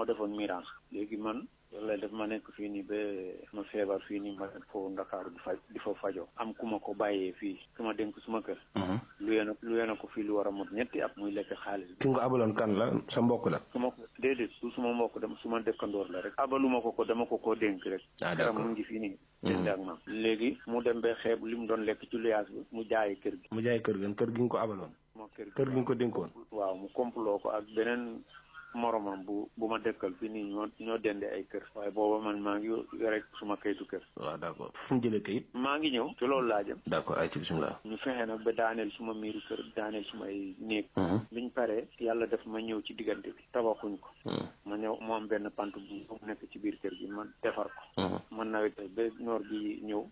moo defoon mirage léegi man yàlla def ma nekk fii nii ba ma feebar fii nii ma nekk foofu Ndakaaru di fa di fa fajoo am ku ma ko bàyyee fii ku ma dénk suma kër mhm. luyee na luyee na ko fii lu war a mot ñetti at muy lekk xaalis ki nga abaloon kan la sa mbokk la su ma ko déedéet su suma mbokk dama su ma dëkkandoor la rek abaluma ko ko dama ko koo dénk rek ah, karam mu ngi fii nii dénd mhm. ak man léegi mu dem ba xeeb li mu doon lekk ci luyaas bi mu jaayi kër gi mu jaayi kër gi kër gi nga ko abaloon kër gi nga ko dénkoon waaw mu comploo ko ak beneen moromam bu bu ma dëkkal bi nii ñoo ñoo dendee ay kër waaye booba man maa ngi rek suma kayitu kër waaw d'accord fu mu jëlee kayit maa ngi ñëw ci loolu laa jëm d'accord ay ci bismillah ñu fexe nag ba daaneel suma miiru kër daaneel sumay ay néeg mm-hmm. biñ paree yàlla def ma ñëw ci diggante bi tabaxuñ ko mm-hmm. ma ñëw mu benn pant bu mu nekk ci biir kër gi ma defar ko mm-hmm. ma nawet ba noor ñëw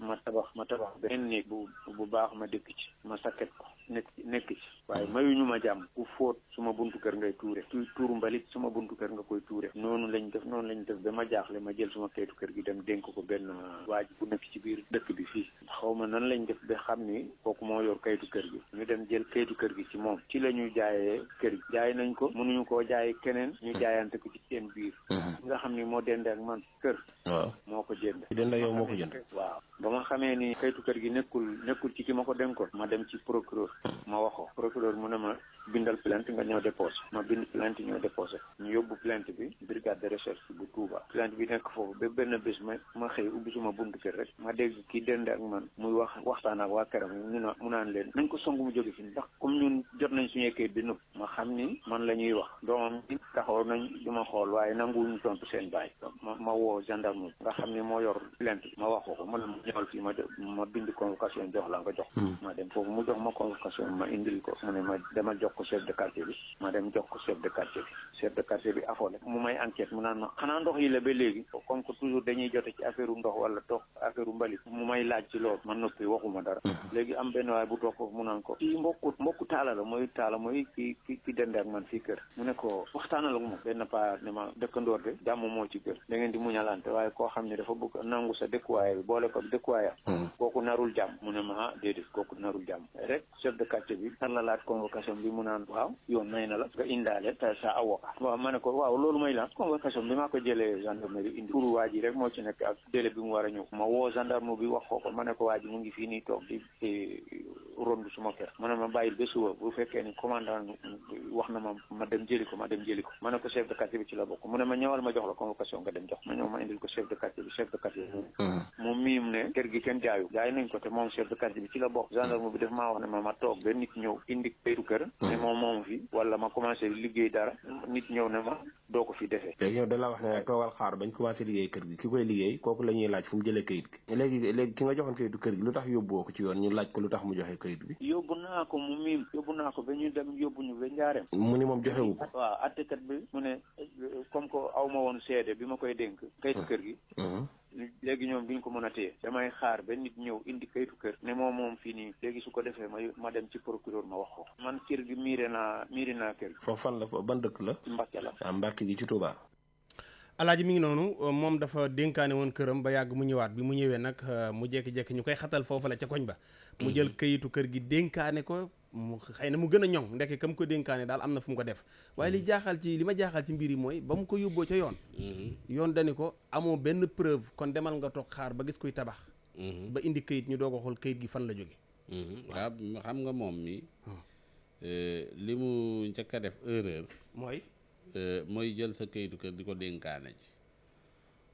ma tabax ma tabax benn néeg bu bu baax ma dëkk ci suma buntu kër nga koy tuure noonu lañ def noonu lañ def ba ma jaaxle ma jël suma kayitu kër gi dem dénk ko benn waaj bu nekk ci biir dëkk bi fii xaw ma nan lañ def be xam ni kooku moo yor kayitu kër gi ñu dem jël kayitu kër gi ci moom ci la ñu jaayee kër gi jaay nañ ko mënuñu koo jaaye keneen ñu jaayante ko ci seen biir mhm. nga xam ni moo dende ak man kër waaw moo ko jënd denda yow moo ko jënd waaw ba ma xamee ni kayitu kër gi nekkul nekkul ci ki ma ko denkoon ma dem ci procureur ma wax ko procureur mu ne ma bindal plainte nga ñëw déposé ma bind plainte ñëw déposé ñu yóbbu plainte bi brigade de recherche bu Touba plainte bi nekk foofu ba benn bés ma ma xëy ubbi suma buntu kër rek ma dégg ki dend ak man muy wax waxtaan ak waa këram mu na mu naan leen nañ ko song mu jóge fi ndax comme ñun jot su ñu kayit bi nëpp ma xam ni man la ñuy wax doomam bi taxaw nañ du ma xool waaye nanguwuñu tontu seen baay ma ma woo gendarme nga xam ni moo yor plainte ma wax ko ko ñëwal fii ma ma bind convocation jox la nga jox hmm. ma dem foofu mu jox ma convocation ma indil ko mu ne ma dama jox ko chef de quartier bi ma dem jox ko chef de quartier bi chef mu may enquête mu naan ma xanaa ndox yi la ba léegi comme que toujours dañuy jote ci affaire ndox wala dox affaire u mu may laaj ci loolu man noppi waxuma dara hmm. léegi am benn waay bu toog foofu mu naan ko kii mbokku mbokku taala la mooy taala mooy ki ki ki man fii kër mu ne ko waxtaanal ak moom benn paa ne ma dëkkandoor de moo ci kër da ngeen di muñalante waaye koo xam ne dafa bëgg nangu sa dëkkuwaay bi boole dëkkuwaayam hmm. kooku narul jàmm mu ne ma ah, déedéet kooku narul jàmm rek chef de quartier bi nar convocation bi mu naan waaw yoon may na la nga indaale sa avocat waaw ma ne ko waaw loolu may la convocation bi maa ko jëlee gendarmerie indi pour waa ji rek moo ci nekk ak délai bi mu war a ñëw ma woo gendarme bi wax ko ko ma ne ko waa ji mu ngi fii nii toog di rondu suma kër ma ne ma bàyyil ba suba bu fekkee ni commandant wax na ma ma dem jëli ma dem jëli ma ne la bokk mu ma ñëwal la convocation nga dem jox kër gi kenn jaayu jaay nañ ko te moom chef de bi ci la bokk gendarme bi daf maa wax ne ma ma toog ba nit ñëw indi këytu kër hmm. ne moom moom ma commencé liggéey dara nit ñëw ne ma doo ko fi defee yow da wax ne toogal xaar bañ commencé liggéey kër gi ki koy liggéey kooku la ñuy laaj fu mu jëlee këyit gi léegi léegi ki nga ko ci yoon ñu laaj ko lu tax mu bi yóbbu naa ko mu miim yóbbu naa ko ba ñu dem yóbbu ñu ba njaareem mu moom joxewu ko waaw attekat bi mu ne comme que aw ma woon seede bi ma koy dénk hmm. këyitu kër gi hmm. léegi ñoom ñu ko mën a téye damay xaar ba nit ñëw indi kayitu kër ne moom moom fii nii léegi su ko defee ma ma dem ci procureur ma wax ko man kër gi miire naa miire naa kër gi foofu la fa ban dëkk la Mbàkke la ah Mbàkke gi ci Touba alaaji mi ngi noonu moom dafa dénkaane woon këram ba yàgg mu ñëwaat bi mu ñëwee nag euh, mu jekki-jekki ñu koy xatal foofu la ca koñ ba mu jël kayitu kër gi dénkaane ko mu xëy na mu gën a ñoŋ ndekk kam ko denkaane daal am na fu mu ko def waaye li jaaxal ci li ma jaaxal ci mbir yi mooy ba mu ko yóbboo ca yoon mm-hmm. yoon dani ko amoo benn preuve kon demal nga toog xaar ba gis kuy tabax mm-hmm. ba indi kayit ñu doog a xool kayit gi fan la jóge mm-hmm. waaw xam nga moom mi hmm. eh, li mu njëkk a def erreur mooy eh, mooy jël sa kayitu kër di ko dénkaane ji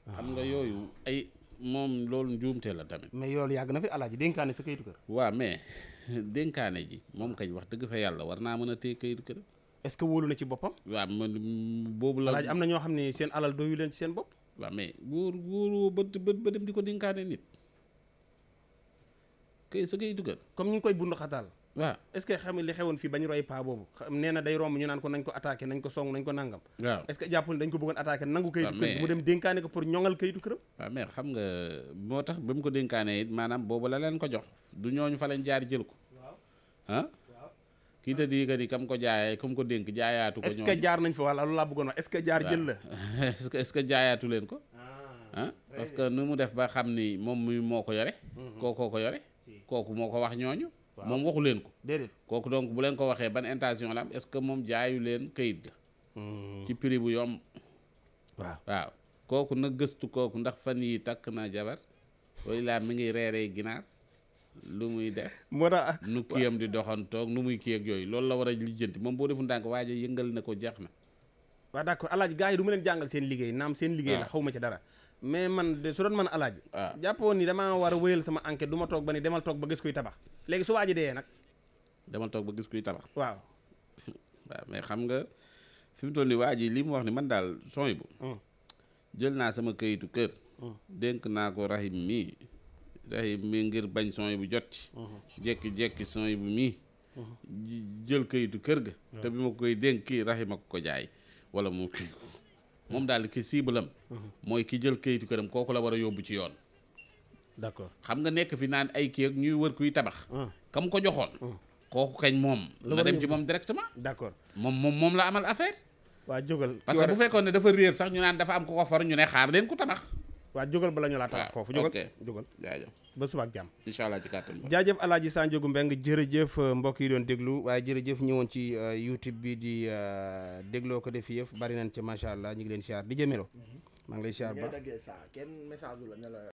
ah. xam nga yooyu ay moom loolu njuumte la tamit. mais yoolu yàgg na fi alaaji dénkaane sa kayitu kër. waa mais dénkaane ji moom kañ wax dëgg fa yàlla war naa mën a téye kayitu kër. est-ce que wóolu na ci boppam. waaw man boobu la. alaaji am na ñoo xam ne seen alal yu leen ci seen bopp. waa mais wóor wóoroo ba ba dem di ko dénkaane nit kay sa kayitu kër. comme ñu ngi koy bundu xataal. waaw est-ce li xewoon fii ba ñu roy paa boobu nee na day romb ñu naan ko nañ ko attaqué nañ ko song nañ ko nangam waaw est-ce que jàpp ne dañ ko bëggoon attaqué nangu kayitu ko pour ñoŋal këram waaw mais xam nga moo tax ba mu ko dénkaane maanaam boobu la leen ko jox du ñooñu fa lañ jaar jël ko waaw kii ta di kat yi ko jaayee kam ko dénk jaayaatu ko ñoom jaar nañ fa wala loolu laa bëggoon wax est jël que est-ce leen ko ah, parce que nu mu def ba xam ni moom muy moo ko yore mm-hmm. kookoo ko yore kooku moo ko wax ñooñu moom waxu leen ko déedéet kooku donc bu leen ko waxee ban intention la am est que moom jaayu leen kayit ga hmm. ci prix bu yomb waaw waaw kooku na gëstu kooku ndax fan yi takk na jabar wala laa mu ngi reeree ginaar lu muy def moo tax nu kiyam di doxantoog nu muy kii ak yooyu loolu la war a lijjanti moom boo defu ndànk waajo yëngal na ko jeex na waaw d'accord alaaji gars yi du ma leen jàngal seen liggéey naam seen liggéey la ah. xaw ma ci dara mais man de su doon man alaaji ah. jàppoon ni damaa war a wéyal sama enquête du ma toog ba ni demal toog ba gis kuy tabax léegi su waaji dee nag demal toog ba gis kuy tabax waaw waaw mais xam nga fi mu toll nii waa ji li mu wax ni man daal sony bu hmm. jël naa sama këyitu kër hmm. dénk naa ko rahim mii rahim mii ngir bañ sony bu jot ci hmm. jekki-jekki sony bu mii jël këyitu kër ga te bi ma koy dénk kii rahim ak ko jaay wala mu kii ko moom daal ki cible am mooy ki jël kayitu këram kooku la war a yóbbu ci yoon d'accord xam nga nekk fi naan ay ki ak ñuy wër kuy tabax kam ko joxoon kooku kañ moom na dem ci moom directement d'accord moom moom moom la amal affaire waa jógal que bu fekkoon ne dafa réer sax ñu naan dafa am ko ko for ñu ne xaar leen ku tabax waa jógal bala ñu laa tax foofu jógal jógal jaajëf ba subaak jàmm incha allah ci kàttan jaajëf alaaji Sanjogu Mbeng jërëjëf euh, mbokk yi doon déglu waaye jërëjëf ñëwoon ci euh, youtube bi di euh, dégloo ko def yëf bari nañ ci macha allah ñu ngi leen siyaar di jëmelo mhm. maa ngi lay siyaar ba